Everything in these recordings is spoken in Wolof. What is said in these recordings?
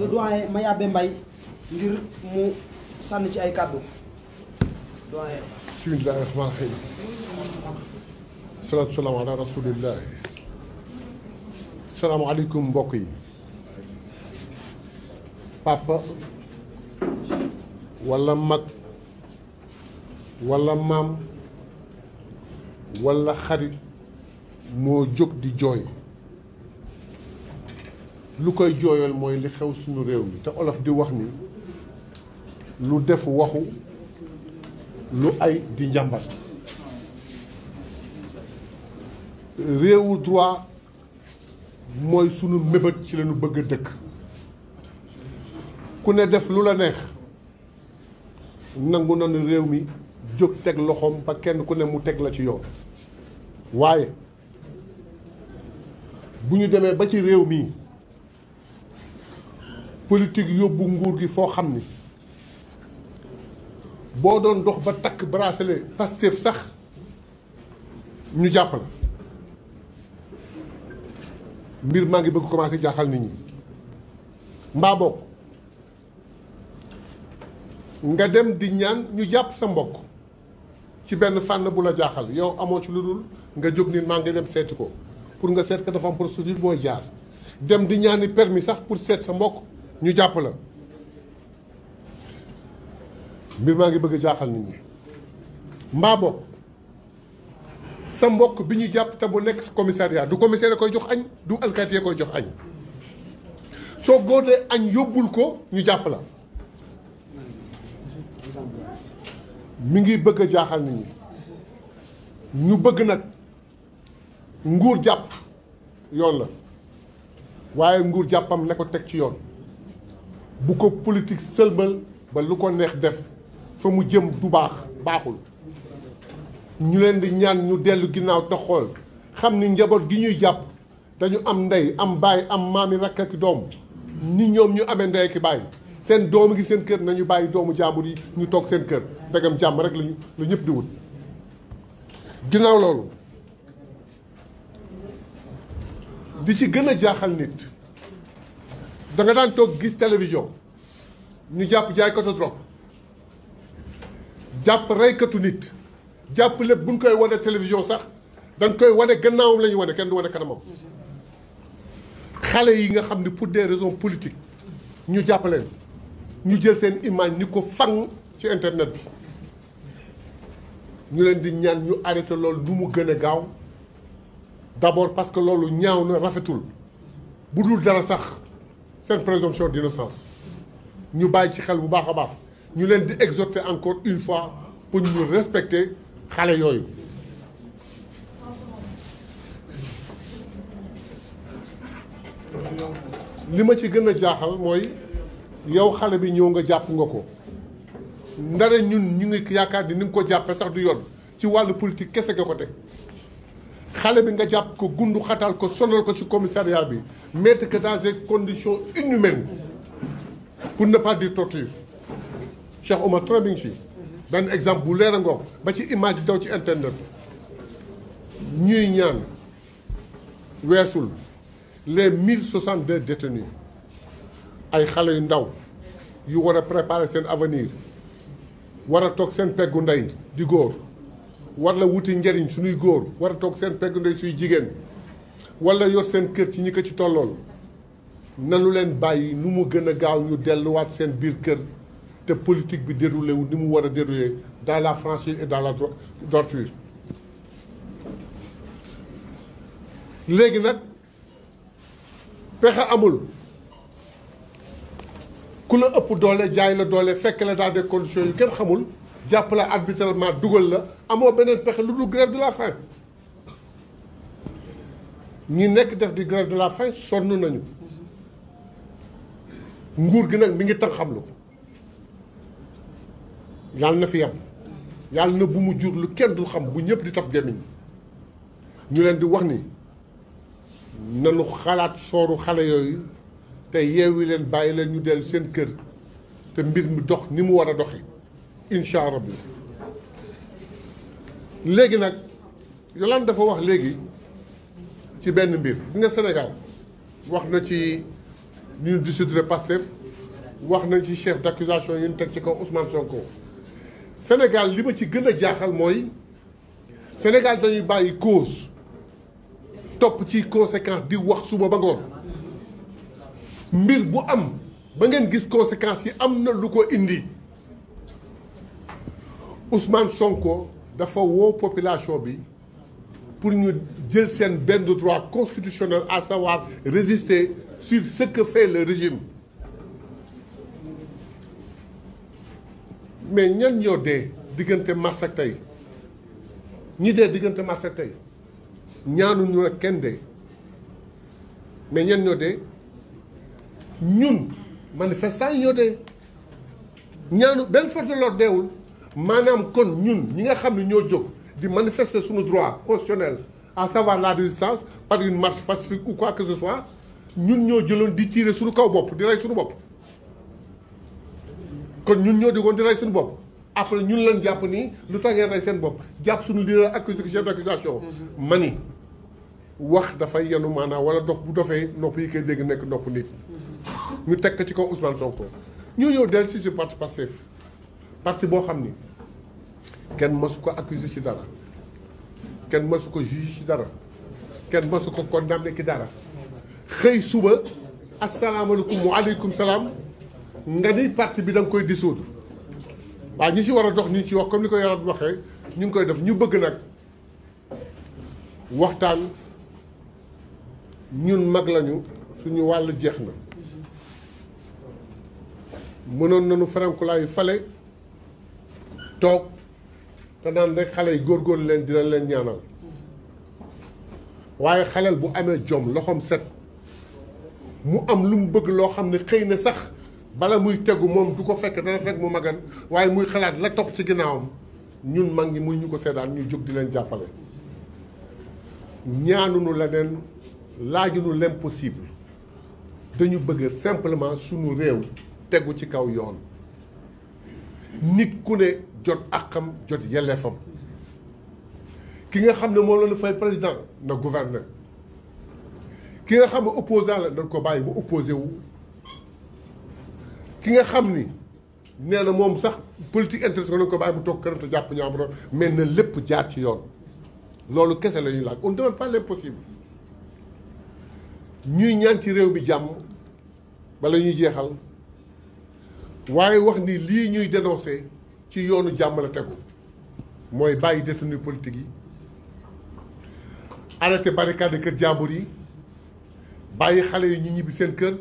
le doyen Mayabé Mbaye ci ay kàddu doyen bismillahi rahmaani mbokk yi papa wala mag walla maam wala xarit moo jóg di jooy lu koy jooyal mooy li xew sunu réew mi te olof di wax ni lu def waxu lu ay di njàmbat réewu droit mooy sunu mébét ci lañu bëgg a dëkk ku ne def lu la neex nangu nañu réew mi jóg teg loxoom ba kenn ku ne mu teg la ci yoon waaye bu ñu demee ba ci réew mi politique yóbbu nguur gi foo xam ni boo doon dox ba takk bracelet Pastef sax ñu jàpp la mbir maa ngi bëgg commencé jaaxal nit ñi mbaa bokk nga dem di ñaan ñu jàpp sa mbokk ci benn fànn bu la jaaxal yow amoo ci lu dul nga jóg ni maa ngi dem seetu ko pour nga seet ko dafa am procédure booy jaar dem di ñaani permi sax pour seet sa mbokk ñu jàpp la mbir maa ngi bëgg jaaxal nit ñi mbaa bokk sa mbokk bi ñu jàpp te bu nekk commissariat du commissaire koy jox añ du alkaati koy jox añ soo góotee añ yóbbul ko ñu jàpp la mi ngi bëgg a jaaxal nit ñi ñu bëgg nag nguur jàpp yoon la waaye nguur jàppam na ko teg ci yoon bu ko politik sëlmal ba lu ko neex def fa mu jëm du baax baaxul ñu leen di ñaan ñu dellu ginnaaw te xool xam ni njaboot gi ñuy jàpp dañu am ndey am baay am maami rakk ak doom ni ñoom ñu amee ndey ki baay seen doom ngi seen kër nañu bàyyi doomu jàmbur yi ñu toog seen kër ndegam jàmm rek lañu la ñëpp di wut ginnaaw loolu di ci gën a jaaxal nit da nga daan toog gis télévision ñu jàpp jaaykatu drogue jàpp reykatu nit jàpp lépp buñ koy wane télévision sax dañ koy wane gannaawam la ñuy wane kenn du wane kanamam xale yi nga xam ni pour des raisons politiques ñu jàpp ñu jël seen image ni ko fang ci internet bi ñu leen di ñaan ñu arrêté loolu nu mu gën a gaaw d'abord parce que loolu ñaaw na rafetul bu dul dara sax seen présomption d'innocence ñu bàyyi ci xel bu baax a baax ñu leen di exhorter encore une fois pour ñu respecter xale yooyu li ma ci gën a jaaxal mooy yow xale bi ñëw nga jàpp nga ko ndare ñun ñu ngi yaakaar ni ni nga ko jàppee sax du yoon ci wàllu politique kese nga ko teg xale bi nga jàpp ko gundu ko sonal ko ci commissariat bi mettre que dans des conditions inhumaines pour ne pas dire torture Cheikh Omar trop benn exemple bu leer a ngoog ba ci image daw ci internet ñuy ñaan weesul les mille soixante deux détenus ay xale yu ndaw yu war a préparer seen avenir war a toog seen peggu ndey di góor wala wuti njariñ suñuy góor war a toog seen pegg ndey suy jigéen wala yor seen kër ci ñi ko ci tollool nanu leen bàyyi nu mu gën a gaaw ñu delluwaat seen biir kër te politique bi déroulé ni mu war a déroulé dans la franchise et dans la droiture léegi nag pexe amul ku la ëpp doole jaay la doole fekk la daal des conditions yu kenn xamul jàppale la arbitrairement dugal la amoo beneen pexe lu dul grève de la faim ñi nekk def di grève de la faim sonn nañu nguur gi nag mi ngi tan xam lu yàlla na fi yem yàlla na bu mu jur lu kenn dul xam bu ñëpp di taf gémmiñ ñu leen di wax ni nanu xalaat sooru xale yooyu te yeewi leen bàyyi leen ñu dellu seen kër te mbir mi dox ni mu war a doxe incha rabbi léegi nag Yolande dafa wax léegi ci benn mbir gis Sénégal wax na ci ñu dissoudre Pastef wax na ci chef d'accusation yi ñu teg ci kaw Ousmane Sonko Sénégal li ma ci gën a jaaxal mooy Sénégal dañuy bàyyi cause topp ci conséquence di wax suba ba ngoon mbir bu am ba ngeen gis conséquence yi am na lu ko indi Ousmane Sonko dafa woo population bi pour ñu jël seen benn droit constitutionnel à savoir résister sur ce que fait le régime mais ñan ñoo dee diggante mars tey ñi dee diggante mars ak ñaanu ñaanuñu nag kenn dee mais ñan ñoo dee ñun manifestants yi ñoo dee ñaanu benn force de l'ordre deewul maanaam kon ñun ñi nga xam ne ñoo jóg di manifester suñu droit constitutionnel à savoir la résistance par une marche pacifique ou quoi que ce soit ñun ñoo jëloon di tirer suñu kaw bopp di rey suñu bopp kon ñun ñoo di woon di rey suñu bopp après ñun lañ jàpp nii lu tax ngeen rey seen bopp jàpp suñu leader ak chef d'accusation mm-hmm. ma ni wax dafay yenu maanaa wala dox bu dofee nopp yi koy dégg nekk nopp nit mm-hmm. ñu teg ko ci kaw Ousmane Sonko ñoo ñëw dellu ci si parti Pastef parti boo xam ni kenn mësu ko accusé ci dara kenn mësu ko juge ci dara kenn mësu ko condamné ci dara xëy suba asalaamaaleykum waaleykum salaam nga parti bi da koy dissoudre waaw ñi ci war a dox ñu ci wax comme ni ko yaram waxee ñu ngi koy def ñu bëgg nag waxtaan ñun mag lañu suñu wàll jeex na mënoon nañu farankulaayu fale toog te naan rek xale yi góorgóorlu leen dina leen ñaanal waaye xaleel bu amee jom loxoom set mu am lu mu bëgg loo xam ne xëy na sax bala muy tegu moom du ko fekk dana fekk mu magan waaye muy xalaat la topp ci ginnaawam ñun mag ñi muy ñu ko seedaan ñuy jóg di leen jàppale ñaanunu leneen laajunu l'impossible dañu bëgg simplement sunu réew tegu ci kaw yoon nit ku ne jot àqam jot yelleefam ki nga xam ne moo loonu fay président na gouverneur ki nga xam ne opposant la dañ ko bàyyi mu opposé wu ki nga xam ni nee na moom sax politique intéressée nañ ko bàyyi bu toog këram te jàpp ñaamro mais na lépp jaar ci yoon loolu kese lañuy ñuy laaj on ne demande pas ñuy ñaan ci réew bi jàmm bala ñuy jeexal waaye wax ni lii ñuy dénoncé ci yoonu jàmm la tegu mooy bàyyi détenu politique yi arrêté barricade kër jàmbur yi bàyyi xale yi ñu ñibbi seen kër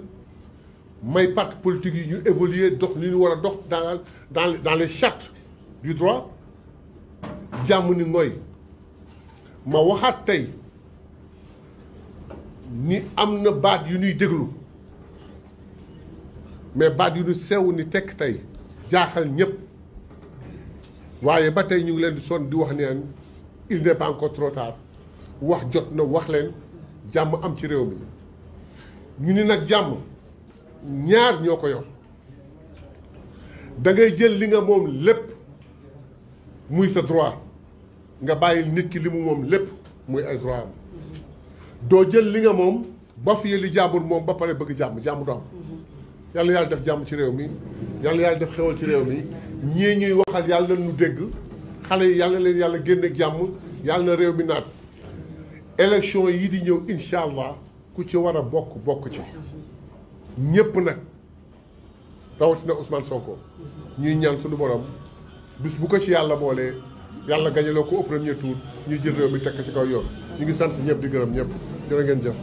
may parti politique yi ñu évoluer dox li ñu war a dox dans dans dans les chartes du droit jàmm ni ngooy ma waxaat tey ni am na baat yu ñuy déglu mais baat yu ñu sew ni tekk tey jaaxal ñëpp. waaye ba tey ñu ngi leen di sonn di wax neen il n'est trop tard wax jot na wax leen jàmm am ci réew mi ñu ni nag jàmm ñaar ñoo ko yor dangay jël li nga moom lépp muy sa droit nga bàyyi nit ki li mu moom lépp muy ay droit am doo jël li nga moom ba fii li jàmbur moom ba pare bëgg jàmm jàmm du am mm-hmm. yàlla yàlla def jàmm ci réew mi yàlla yàlla def xewal ci réew mi ñii ñuy waxal yàlla nu dégg xale yi yàlla leen yàlla génn ak jàmm yàlla na réew mi naat élection yi di ñëw incha allah ku ci war a bokk bokk ci ñépp nag rawatina Ousmane Sonko ñuy ñaan sunu borom bis bu ko ci yàlla boolee yàlla gañaloo ko au premier tour ñuy jël réew mi teg ci kaw yoon ñu ngi sant ñëpp di gërëm ñëpp jërë ngeen jëf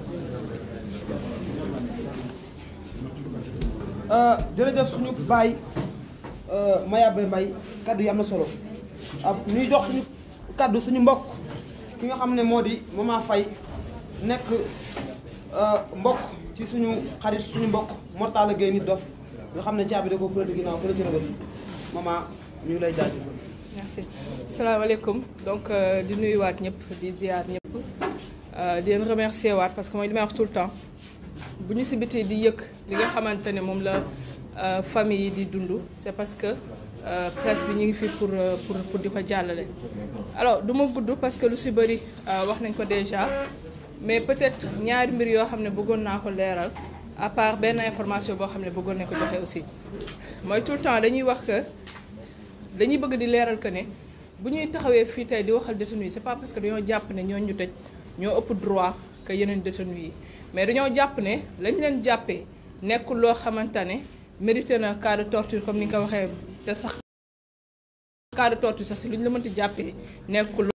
Euh, jërëjëf suñu baay euh, Mayabe Mbaye kaddu yi am na solo ñuy jox suñu kaddu suñu mbokk ki nga xam ne moo di Mama fay nekk euh, mbokk ci suñu xarit suñu mbokk Mortala Gueye nit dof nga xam ne caabi da ko fële ginnaaw fële ci rëbës Mama ñu ngi lay jaajëfal. merci salaamaaleykum donc di nuyuwaat ñëpp di ziar ñëpp di leen remercier waat parce que mooy li may wax tout le temps. bu ñu si bitee di yëkk li nga xamante ne moom la euh, famille yi di dund c'est parce que euh, presse bi ñu ngi fi pour euh, pour pour di ko jàllale. alors du ma gudd parce que lu si bëri wax nañ ko déjà mais peut-être ñaari mbir yoo xam ne bëggoon naa ko leeral à part benn information boo xam ne bëggoon nañ ko joxe aussi mooy tout le temps dañuy wax que dañuy bëgg di leeral que ne bu ñuy taxawee fii tey di waxal détenu yi c'est pas parce que dañoo jàpp ne ñooñu ñu tëj ñoo ëpp droit. que yeneen détenus yi mais dañoo jàpp ne lañ leen jàppee nekkul loo xamante ne mérité na cas de torture comme ni nga ko waxee te sax cas de torture sax si lu ñu la mënti jàppee nekkul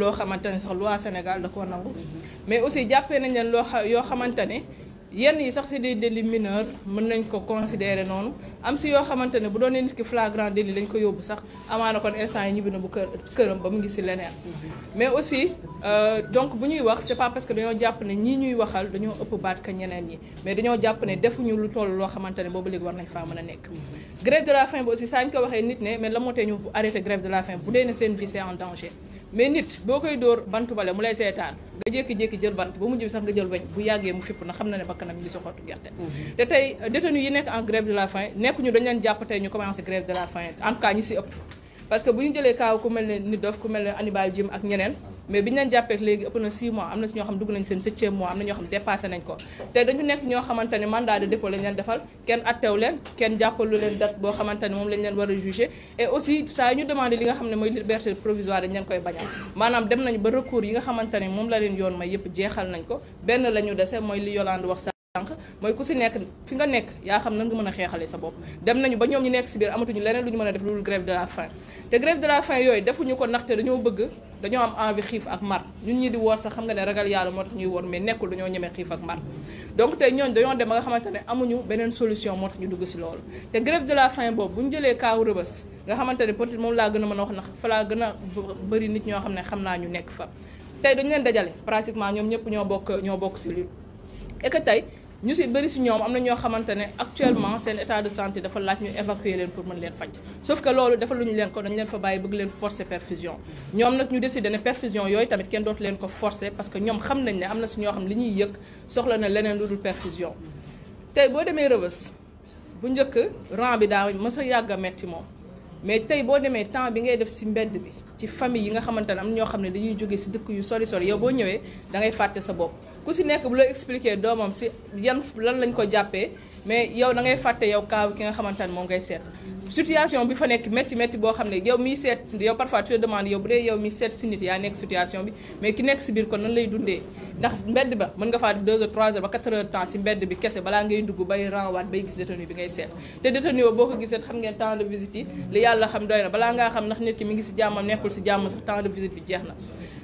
loo xamante ne sax loi Sénégal da koo nangu mais aussi jàppee nañ leen yoo xamante ne yenn yi sax si des délits mineurs mën nañ ko considérer noonu am si yoo xamante ne bu doon nit ki flagrant délit lañ ko yóbbu sax amaana kon instant yi ñibbi na bu kër këram ba mu ngi si leneen. mais aussi euh, donc bu ñuy wax c'est pas parce que dañoo jàpp ne ñii ñuy waxal dañoo ëpp baat ka ñeneen ñi mais dañoo jàpp ne ñu lu toll loo xamante ne boobu léegi war nañ faa mën a nekk. grève de la faim bi aussi saa ñu ko waxee nit ne mais la moo tee ñu arrêté grève en danger. mais nit boo koy dóor bantu bale mu lay seetaan nga jékki-jékki jël bant ba mujj bi sax nga jël weñ bu yàggee mu fipp na xam na ne bakkanam mi ngi si xottu gerte te tey euh, détenus yi nekk en grève de la faim nekkuñu dañ leen jàpp tey ñu commencé grève de la faim en tout ñi si ëpp parce que bu ñu jëlee kaaw ku mel ne Nit Doff ku mel ne Hannibal Djim ak ñeneen mais bi ñu leen jàppee léegi ëpp na 6 mois am na si ñoo xam dugg nañ seen septième mois am na ñoo xam dépassé nañ ko te dañu nekk ñoo xamante ne mandat de dépôt lañ leen defal kenn attew leen kenn jàppalu leen date boo xamante moom lañ leen war a jugé et aussi saa ñu demandé li nga xam ne mooy liberté provisoire dañ leen koy bañal maanaam dem nañ ba recours yi nga xamante ne moom la leen yoon may yëpp jeexal nañ ko benn la dese mooy li Yolande wax sànq mooy ku si nekk fi nga nekk yaa xam nan nga mën a xeexale sa bopp dem nañu ba ñoom ñu nekk si biir amatuñu leneen lu ñu mën a def loolu grève de la faim te grève de la faim yooyu defuñu ko ndaxte dañoo bëgg dañoo am envie xiif ak mar ñun ñi di woor sax xam nga ne ragal yàlla moo tax ñuy woor mais nekkul dañoo ñemee xiif ak mar donc tey ñooñ dañoo dem ba nga xamante ne amuñu beneen solution moo tax ñu dugg si loolu te grève de la faim boobu bu ñu jëlee a a wax ndax ñoo xam xam naa ñu nekk fa tey dañu leen dajale pratiquement ñoom ñëpp ñoo bokk ñoo bokk cellule ñu si bëri si ñoom am na ñoo xamante ne actuellement seen état de santé dafa laaj ñu évacuer leen pour mën leen faj sauf que loolu dafa lu ñu leen ko dañu leen fa bàyyi bëgg leen forcer perfusion ñoom nag ñu décidé ne perfusion yooyu tamit kenn dootu leen ko forcer parce que ñoom xam nañ ne am na si ñoo xam li ñuy yëg soxla na leneen lu dul perfusion tey boo demee rëbës bu njëkk rang bi daa mës a yàgg a metti moom mais tey boo demee temps bi ngay def si mbedd bi ci famille yi nga xamante ne ñoo xam ne dañuy jógee si dëkk yu sori yow boo ñëwee da ngay sa bopp ku si nekk bu la expliquer doomam si yan lan lañ ko jàppee mais yow da ngay fàtte yow kaaw ki nga xamante ne moom ngay seet situation bi fa nekk métti métti boo xam ne yow mi seet yow parfois tu te demandes yow bu dee yow miy si nit yaa nekk situation bi mais ki nekk si biir kon na lay dundee ndax mbedd ba mën nga faa def 2 heures 3 heures ba 4 heures temps si mbedd bi kese balaa ngay dugg bay renwaat bay gis détenu bi ngay seet te détenu boo ko gisee xam ngeen temps de visite yi li yàlla xam doy na balaa ngaa xam ndax nit ki ngi si jàmmam nekkul si jàmm sax temps de visite bi na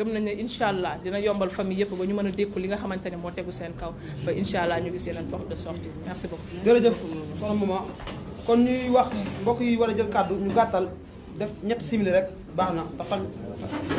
gëm nañ ne incha allah dina yombal famille yëpp ba ñu mën a dékku li nga xamante ne moo tegu seen kaw ba incha allah ñu gis yeneen porte de sortie merci beaucoup. kon ñuy wax mbokk yi war a jël kàddu ñu gàttal def ñetti simili rek baax na ndax